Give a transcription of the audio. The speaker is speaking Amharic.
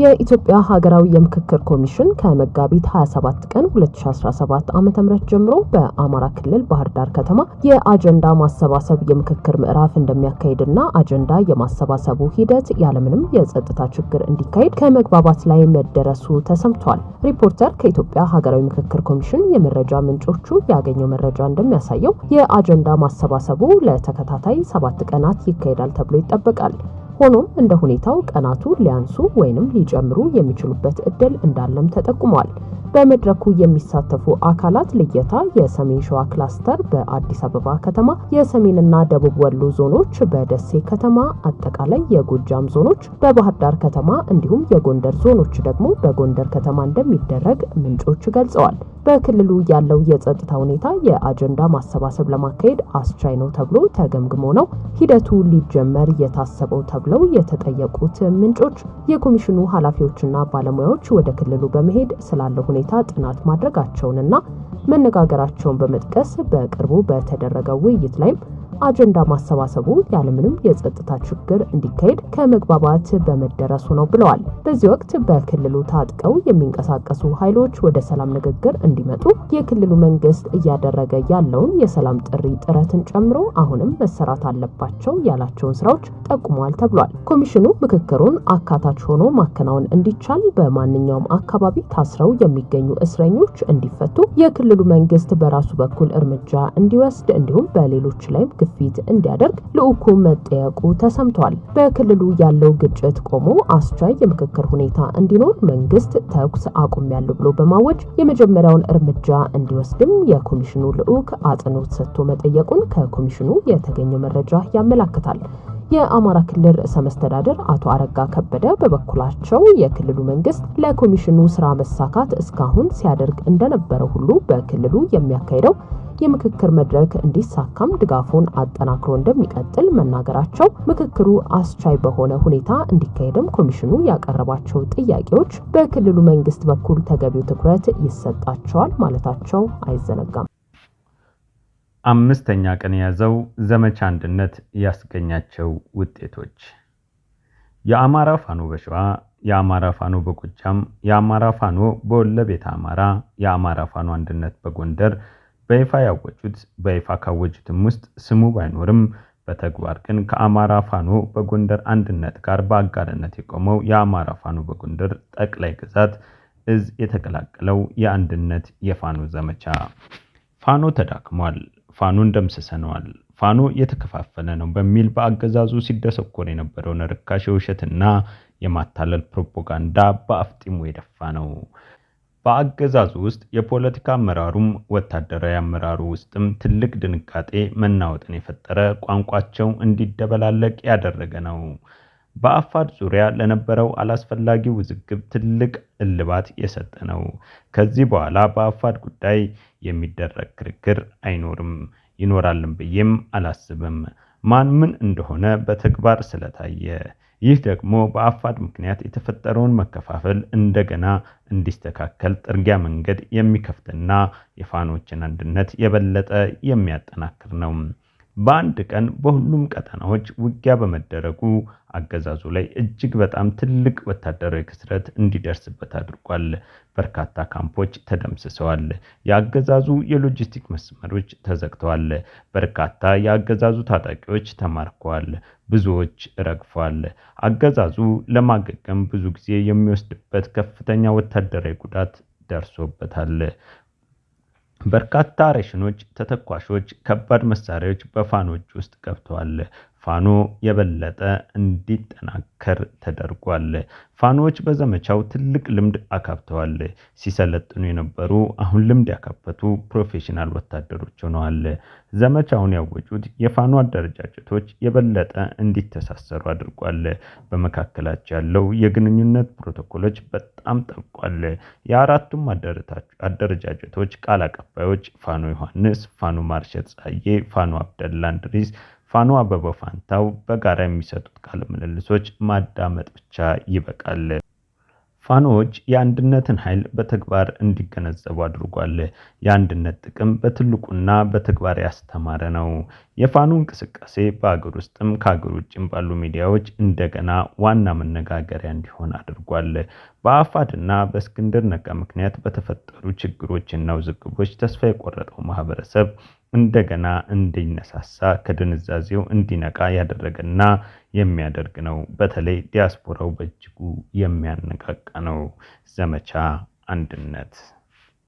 የኢትዮጵያ ሀገራዊ የምክክር ኮሚሽን ከመጋቢት 27 ቀን 2017 ዓ.ም ጀምሮ በአማራ ክልል ባህር ዳር ከተማ የአጀንዳ ማሰባሰብ የምክክር ምዕራፍ እንደሚያካሂድና አጀንዳ የማሰባሰቡ ሂደት ያለምንም የጸጥታ ችግር እንዲካሄድ ከመግባባት ላይ መደረሱ ተሰምቷል። ሪፖርተር ከኢትዮጵያ ሀገራዊ ምክክር ኮሚሽን የመረጃ ምንጮቹ ያገኘው መረጃ እንደሚያሳየው የአጀንዳ ማሰባሰቡ ለተከታታይ ሰባት ቀናት ይካሄዳል ተብሎ ይጠበቃል። ሆኖም እንደ ሁኔታው ቀናቱ ሊያንሱ ወይንም ሊጨምሩ የሚችሉበት እድል እንዳለም ተጠቁሟል። በመድረኩ የሚሳተፉ አካላት ልየታ የሰሜን ሸዋ ክላስተር በአዲስ አበባ ከተማ፣ የሰሜንና ደቡብ ወሎ ዞኖች በደሴ ከተማ፣ አጠቃላይ የጎጃም ዞኖች በባህር ዳር ከተማ እንዲሁም የጎንደር ዞኖች ደግሞ በጎንደር ከተማ እንደሚደረግ ምንጮች ገልጸዋል። በክልሉ ያለው የጸጥታ ሁኔታ የአጀንዳ ማሰባሰብ ለማካሄድ አስቻይ ነው ተብሎ ተገምግሞ ነው ሂደቱ ሊጀመር የታሰበው ተብለው የተጠየቁት ምንጮች የኮሚሽኑ ኃላፊዎችና ባለሙያዎች ወደ ክልሉ በመሄድ ስላለው ሁኔታ ሁኔታ ጥናት ማድረጋቸውንና መነጋገራቸውን በመጥቀስ በቅርቡ በተደረገው ውይይት ላይም አጀንዳ ማሰባሰቡ ያለምንም የጸጥታ ችግር እንዲካሄድ ከመግባባት በመደረሱ ነው ብለዋል። በዚህ ወቅት በክልሉ ታጥቀው የሚንቀሳቀሱ ኃይሎች ወደ ሰላም ንግግር እንዲመጡ የክልሉ መንግስት እያደረገ ያለውን የሰላም ጥሪ ጥረትን ጨምሮ አሁንም መሰራት አለባቸው ያላቸውን ስራዎች ጠቁመዋል ተብሏል። ኮሚሽኑ ምክክሩን አካታች ሆኖ ማከናወን እንዲቻል በማንኛውም አካባቢ ታስረው የሚገኙ እስረኞች እንዲፈቱ የክልሉ መንግስት በራሱ በኩል እርምጃ እንዲወስድ እንዲሁም በሌሎች ላይም ግፊት እንዲያደርግ ልዑኩ መጠየቁ ተሰምቷል። በክልሉ ያለው ግጭት ቆሞ አስቻይ የምክክር ሁኔታ እንዲኖር መንግስት ተኩስ ያለው ብሎ በማወጅ የመጀመሪያውን እርምጃ እንዲወስድም የኮሚሽኑ ልዑክ አጽንኦት ሰጥቶ መጠየቁን ከኮሚሽኑ የተገኘው መረጃ ያመላክታል። የአማራ ክልል ርዕሰ መስተዳደር አቶ አረጋ ከበደ በበኩላቸው የክልሉ መንግስት ለኮሚሽኑ ስራ መሳካት እስካሁን ሲያደርግ እንደነበረ ሁሉ በክልሉ የሚያካሄደው። የምክክር መድረክ እንዲሳካም ድጋፉን አጠናክሮ እንደሚቀጥል መናገራቸው ምክክሩ አስቻይ በሆነ ሁኔታ እንዲካሄድም ኮሚሽኑ ያቀረባቸው ጥያቄዎች በክልሉ መንግስት በኩል ተገቢው ትኩረት ይሰጣቸዋል ማለታቸው አይዘነጋም። አምስተኛ ቀን የያዘው ዘመቻ አንድነት ያስገኛቸው ውጤቶች የአማራ ፋኖ በሸዋ፣ የአማራ ፋኖ በጎጃም፣ የአማራ ፋኖ በወለቤት ቤተ አማራ፣ የአማራ ፋኖ አንድነት በጎንደር በይፋ ያወጁት በይፋ ካወጁትም ውስጥ ስሙ ባይኖርም በተግባር ግን ከአማራ ፋኖ በጎንደር አንድነት ጋር በአጋርነት የቆመው የአማራ ፋኖ በጎንደር ጠቅላይ ግዛት እዝ የተቀላቀለው የአንድነት የፋኖ ዘመቻ ፋኖ ተዳክሟል፣ ፋኖን ደምስሰነዋል፣ ፋኖ የተከፋፈለ ነው በሚል በአገዛዙ ሲደሰኮር የነበረውን ርካሽ የውሸትና የማታለል ፕሮፓጋንዳ በአፍጢሙ የደፋ ነው። በአገዛዙ ውስጥ የፖለቲካ አመራሩም ወታደራዊ አመራሩ ውስጥም ትልቅ ድንጋጤ መናወጥን የፈጠረ ቋንቋቸው እንዲደበላለቅ ያደረገ ነው። በአፋር ዙሪያ ለነበረው አላስፈላጊ ውዝግብ ትልቅ እልባት የሰጠ ነው። ከዚህ በኋላ በአፋር ጉዳይ የሚደረግ ክርክር አይኖርም፣ ይኖራልም ብዬም አላስብም። ማን ምን እንደሆነ በተግባር ስለታየ ይህ ደግሞ በአፋድ ምክንያት የተፈጠረውን መከፋፈል እንደገና እንዲስተካከል ጥርጊያ መንገድ የሚከፍትና የፋኖችን አንድነት የበለጠ የሚያጠናክር ነው። በአንድ ቀን በሁሉም ቀጠናዎች ውጊያ በመደረጉ አገዛዙ ላይ እጅግ በጣም ትልቅ ወታደራዊ ክስረት እንዲደርስበት አድርጓል። በርካታ ካምፖች ተደምስሰዋል። የአገዛዙ የሎጂስቲክ መስመሮች ተዘግተዋል። በርካታ የአገዛዙ ታጣቂዎች ተማርከዋል። ብዙዎች ረግፏል። አገዛዙ ለማገገም ብዙ ጊዜ የሚወስድበት ከፍተኛ ወታደራዊ ጉዳት ደርሶበታል። በርካታ ሬሽኖች፣ ተተኳሾች፣ ከባድ መሳሪያዎች በፋኖች ውስጥ ገብተዋል። ፋኖ የበለጠ እንዲጠናከር ተደርጓል። ፋኖዎች በዘመቻው ትልቅ ልምድ አካብተዋል። ሲሰለጥኑ የነበሩ አሁን ልምድ ያካበቱ ፕሮፌሽናል ወታደሮች ሆነዋል። ዘመቻውን ያወጩት የፋኖ አደረጃጀቶች የበለጠ እንዲተሳሰሩ አድርጓል። በመካከላቸው ያለው የግንኙነት ፕሮቶኮሎች በጣም ጠብቋል። የአራቱም አደረጃጀቶች ቃል አቀባዮች ፋኖ ዮሐንስ፣ ፋኖ ማርሸት ጻዬ፣ ፋኖ አብደላ እንድሪስ ፋኖ አበበ ፋንታው በጋራ የሚሰጡት ቃለ ምልልሶች ማዳመጥ ብቻ ይበቃል። ፋኖዎች የአንድነትን ኃይል በተግባር እንዲገነዘቡ አድርጓል። የአንድነት ጥቅም በትልቁና በተግባር ያስተማረ ነው። የፋኖ እንቅስቃሴ በአገር ውስጥም ከአገር ውጭም ባሉ ሚዲያዎች እንደገና ዋና መነጋገሪያ እንዲሆን አድርጓል። በአፋድና በእስክንድር ነጋ ምክንያት በተፈጠሩ ችግሮችና ውዝግቦች ተስፋ የቆረጠው ማህበረሰብ እንደገና እንዲነሳሳ ከድንዛዜው እንዲነቃ ያደረገና የሚያደርግ ነው። በተለይ ዲያስፖራው በእጅጉ የሚያነቃቃ ነው። ዘመቻ አንድነት